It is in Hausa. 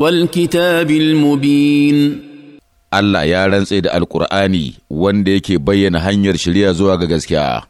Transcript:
والكتاب المبين Allah ya rantse da Alƙur'ani wanda yake bayyana hanyar shirya zuwa ga gaskiya.